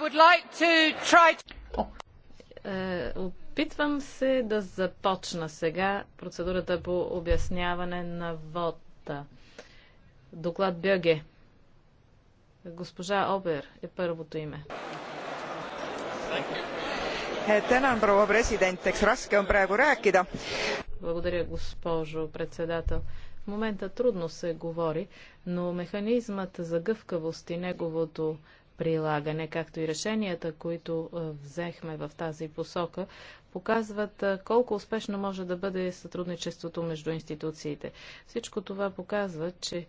Like to... Е, опитвам се да започна сега процедурата по обясняване на вода. Доклад Бьоге. Госпожа Обер е първото име. Е, Благодаря, госпожо председател. В момента трудно се говори, но механизмът за гъвкавост и неговото прилагане, както и решенията, които взехме в тази посока, показват колко успешно може да бъде сътрудничеството между институциите. Всичко това показва, че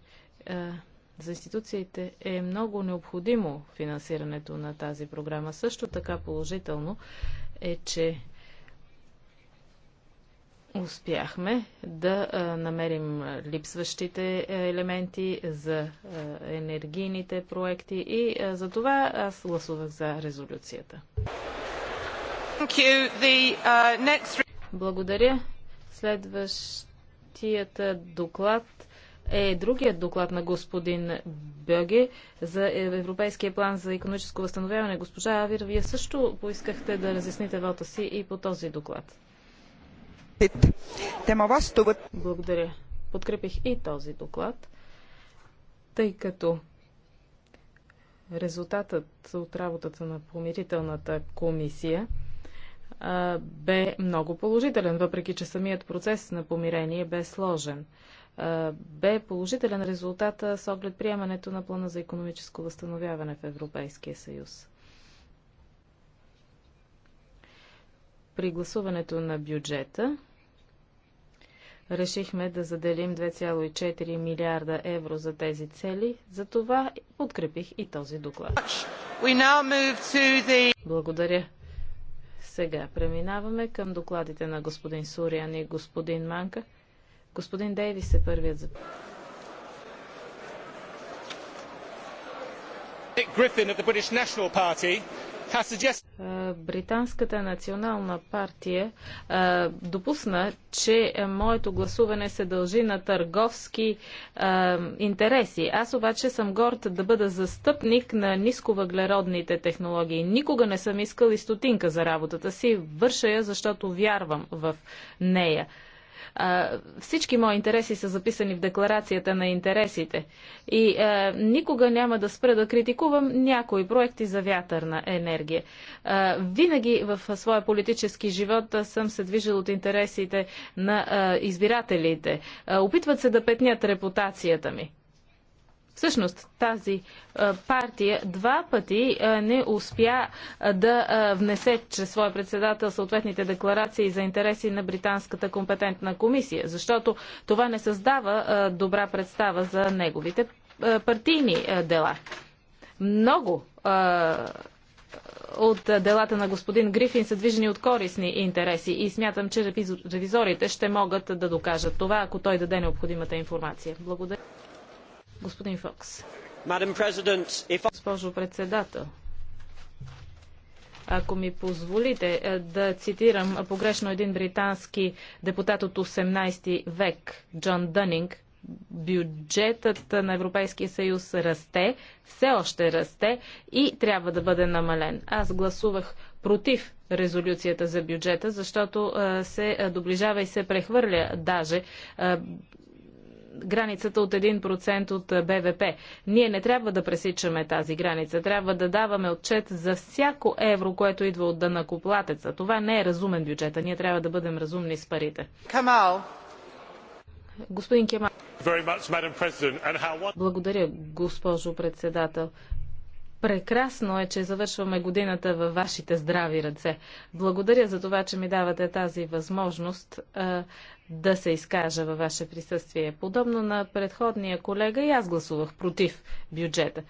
за институциите е много необходимо финансирането на тази програма. Също така положително е, че успяхме да намерим липсващите елементи за енергийните проекти и за това аз гласувах за резолюцията. Uh, Благодаря. Следващият доклад е другият доклад на господин Бьоге за Европейския план за економическо възстановяване. Госпожа Авир, вие също поискахте да разясните вота си и по този доклад. Благодаря. Подкрепих и този доклад, тъй като резултатът от работата на помирителната комисия а, бе много положителен, въпреки че самият процес на помирение бе сложен. А, бе положителен резултата с оглед приемането на плана за економическо възстановяване в Европейския съюз. При гласуването на бюджета решихме да заделим 2,4 милиарда евро за тези цели, затова подкрепих и този доклад. Благодаря. Сега преминаваме към докладите на господин Суриан и господин Манка. Господин Дейвис е първият за... of the British National Party Британската национална партия допусна, че моето гласуване се дължи на търговски интереси. Аз обаче съм горд да бъда застъпник на нисковъглеродните технологии. Никога не съм искал и стотинка за работата си. Върша я, защото вярвам в нея. А, всички мои интереси са записани в декларацията на интересите. И а, никога няма да спра да критикувам някои проекти за вятърна енергия. А, винаги в своя политически живот съм се движил от интересите на избирателите. опитват се да петнят репутацията ми. Всъщност тази партия два пъти не успя да внесе чрез своя председател съответните декларации за интереси на британската компетентна комисия, защото това не създава добра представа за неговите партийни дела. Много от делата на господин Грифин са движени от корисни интереси и смятам, че ревизорите ще могат да докажат това, ако той даде необходимата информация. Благодаря. Господин Фокс. Госпожо председател, ако ми позволите е, да цитирам погрешно един британски депутат от 18 век, Джон Дънинг, бюджетът на Европейския съюз расте, все още расте и трябва да бъде намален. Аз гласувах против резолюцията за бюджета, защото е, се е, доближава и се прехвърля даже границата от 1% от БВП. Ние не трябва да пресичаме тази граница. Трябва да даваме отчет за всяко евро, което идва от дънакоплатеца. Това не е разумен бюджет, а ние трябва да бъдем разумни с парите. Камал. Господин Кемал. Благодаря, госпожо председател. Прекрасно е, че завършваме годината във вашите здрави ръце. Благодаря за това, че ми давате тази възможност а, да се изкажа във ваше присъствие. Подобно на предходния колега, и аз гласувах против бюджета.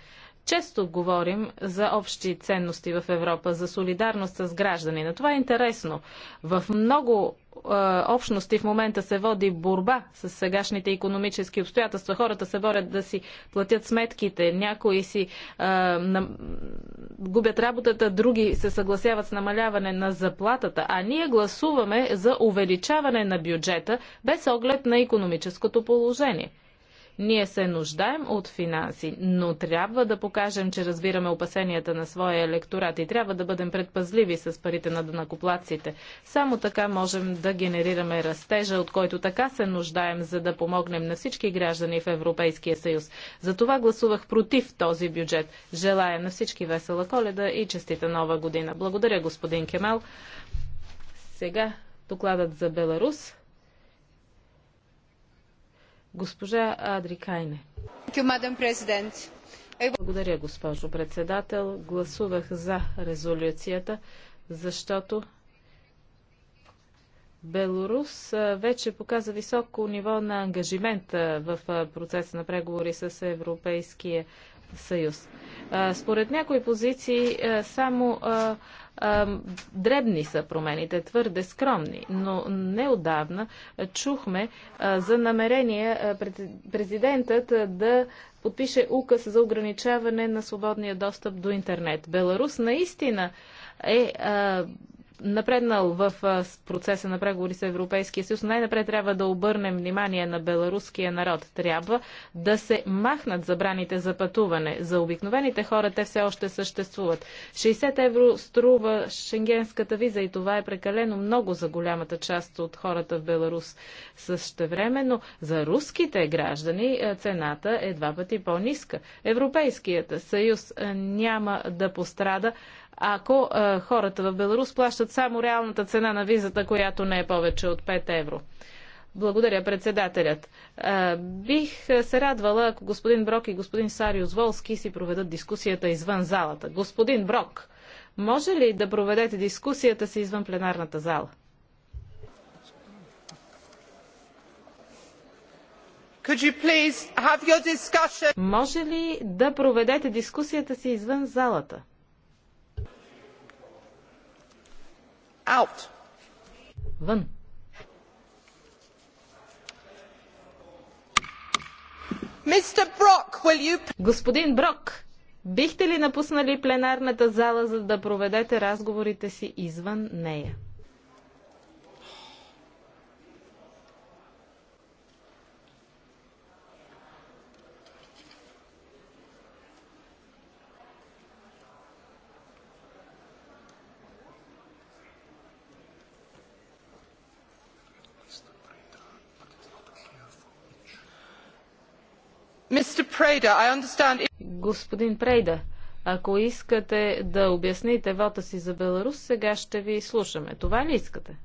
Често говорим за общи ценности в Европа, за солидарност с гражданина. Това е интересно. В много е, общности в момента се води борба с сегашните економически обстоятелства. Хората се борят да си платят сметките, някои си а, е, на, губят работата, други се съгласяват с намаляване на заплатата, а ние гласуваме за увеличаване на бюджета без оглед на економическото положение. Ние се нуждаем от финанси, но трябва да покажем, че разбираме опасенията на своя електорат и трябва да бъдем предпазливи с парите на данакоплаците. Само така можем да генерираме растежа, от който така се нуждаем, за да помогнем на всички граждани в Европейския съюз. Затова гласувах против този бюджет. Желая на всички весела коледа и честита нова година. Благодаря, господин Кемал. Сега докладът за Беларус. Госпожа Адри Кайне. Благодаря, госпожо председател. Гласувах за резолюцията, защото Беларус вече показа високо ниво на ангажимент в процеса на преговори с Европейския съюз. Според някои позиции само дребни са промените, твърде скромни, но неодавна чухме за намерение президентът да подпише указ за ограничаване на свободния достъп до интернет. Беларус наистина е напреднал в процеса на преговори с Европейския съюз, най-напред трябва да обърнем внимание на беларуския народ. Трябва да се махнат забраните за пътуване. За обикновените хора те все още съществуват. 60 евро струва шенгенската виза и това е прекалено много за голямата част от хората в Беларус. Същевременно за руските граждани цената е два пъти по-ниска. Европейският съюз няма да пострада ако а, е, хората в Беларус плащат само реалната цена на визата, която не е повече от 5 евро. Благодаря, председателят. А, е, бих е, се радвала, ако господин Брок и господин Сариус Волски си проведат дискусията извън залата. Господин Брок, може ли да проведете дискусията си извън пленарната зала? You Може ли да проведете дискусията си извън залата? Out. Вън. Mr. Brock, will you... Господин Брок, бихте ли напуснали пленарната зала, за да проведете разговорите си извън нея? Господин Прейда, ако искате да обясните вота си за Беларус, сега ще ви слушаме. Това ли искате?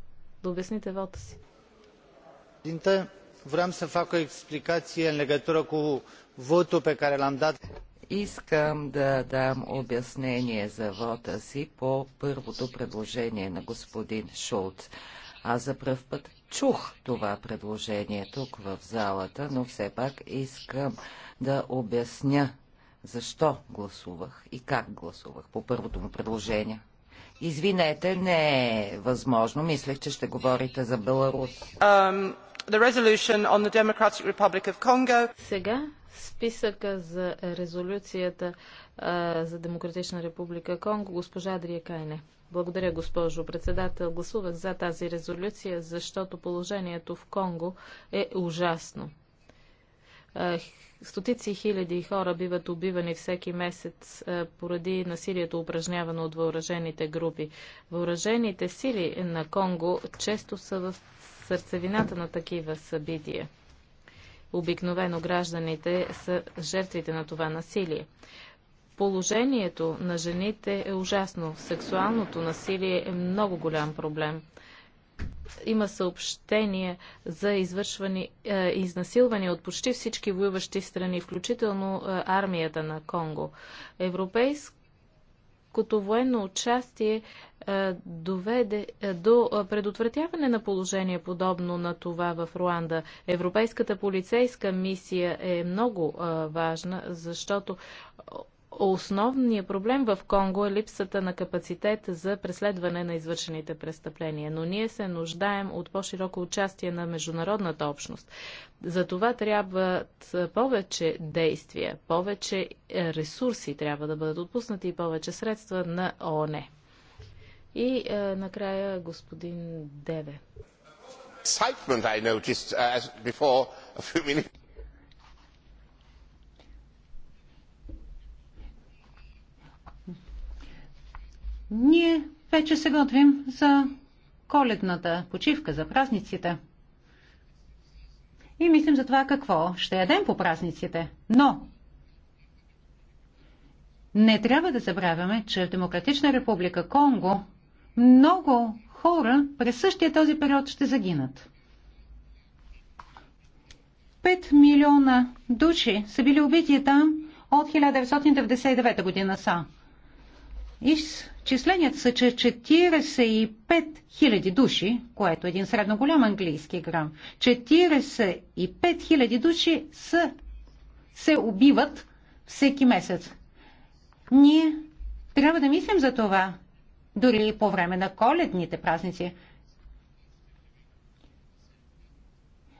Да обясните вота си. Vreau să fac o explicație în legătură cu votul pe care l-am dat. Искам да дам обяснение за вота си по първото предложение на господин Шулц. Аз за пръв път чух това предложение тук в залата, но все пак искам да обясня защо гласувах и как гласувах по първото му предложение. Извинете, не е възможно. Мислех, че ще говорите за Беларус. Um, Сега списъка за резолюцията uh, за Демократична република Конго, госпожа Адрия Кайне. Благодаря, госпожо председател. Гласувах за тази резолюция, защото положението в Конго е ужасно. Стотици хиляди хора биват убивани всеки месец поради насилието, упражнявано от въоръжените групи. Въоръжените сили на Конго често са в сърцевината на такива събития. Обикновено гражданите са жертвите на това насилие. Положението на жените е ужасно. Сексуалното насилие е много голям проблем. Има съобщение за извършвани е, изнасилвания от почти всички воюващи страни, включително е, армията на Конго. Европейското военно участие е, доведе е, до е, предотвратяване на положение подобно на това в Руанда. Европейската полицейска мисия е много е, важна, защото Основният проблем в Конго е липсата на капацитет за преследване на извършените престъпления, но ние се нуждаем от по-широко участие на международната общност. За това трябват повече действия, повече е, ресурси трябва да бъдат отпуснати и повече средства на ООН. И е, накрая господин Деве. Excitement I noticed uh, as before a few minutes Ние вече се готвим за коледната почивка, за празниците. И мислим за това какво ще ядем по празниците. Но не трябва да забравяме, че в Демократична република Конго много хора през същия този период ще загинат. 5 милиона души са били убити там от 1999 година са. И Численият са, че 45 000 души, което е един средно голям английски грам, 45 000 души са, се убиват всеки месец. Ние трябва да мислим за това, дори и по време на коледните празници.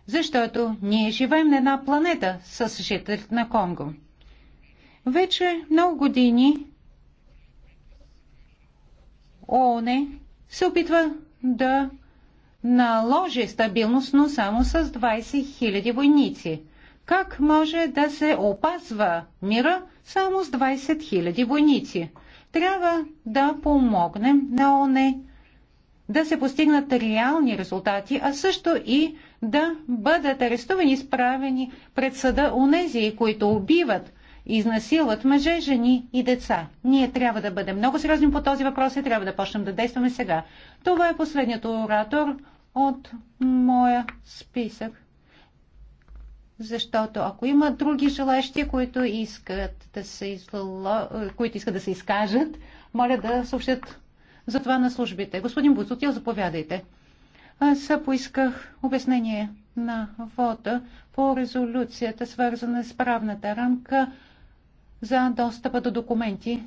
Защото ние живеем на една планета с жителите на Конго. Вече много години ООН се опитва да наложи стабилност, но само с 20 000 войници. Как може да се опазва мира само с 20 000 войници? Трябва да помогнем на ОНЕ да се постигнат реални резултати, а също и да бъдат арестувани и справени пред съда онези, които убиват, изнасилват мъже, жени и деца. Ние трябва да бъдем много сериозни по този въпрос и трябва да почнем да действаме сега. Това е последният оратор от моя списък. Защото ако има други желащи, които искат да се, изло... които искат да се изкажат, моля да съобщат за това на службите. Господин Буцутил, заповядайте. Аз поисках обяснение на вода по резолюцията, свързана с правната рамка за достъпа до документи.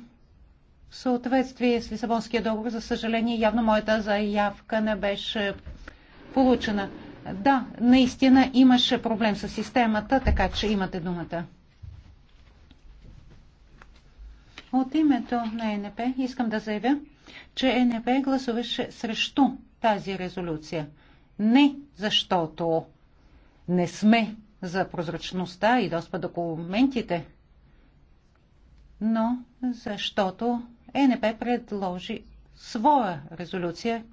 В съответствие с Лисабонския договор, за съжаление, явно моята заявка не беше получена. Да, наистина имаше проблем с системата, така че имате думата. От името на ЕНП искам да заявя, че ЕНП гласуваше срещу тази резолюция. Не защото не сме за прозрачността и доста документите, но защото ЕНП предложи своя резолюция,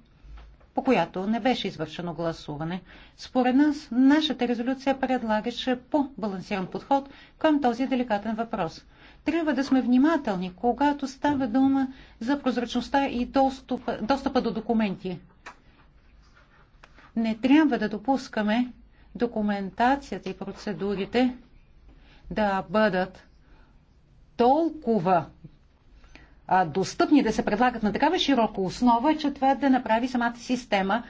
по която не беше извършено гласуване. Според нас, нашата резолюция предлагаше по-балансиран подход към този деликатен въпрос. Трябва да сме внимателни, когато става дума за прозрачността и достъпа, достъпа до документи. Не трябва да допускаме документацията и процедурите да бъдат толкова а, достъпни, да се предлагат на такава широка основа, че това да направи самата система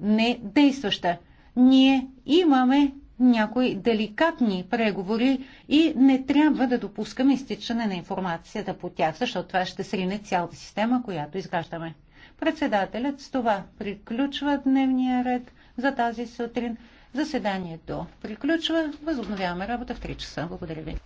не действаща. Ние имаме някои деликатни преговори и не трябва да допускаме изтичане на информацията по тях, защото това ще срине цялата система, която изграждаме. Председателят с това приключва дневния ред за тази сутрин. Заседанието приключва. Възобновяваме работа в 3 часа. Благодаря ви.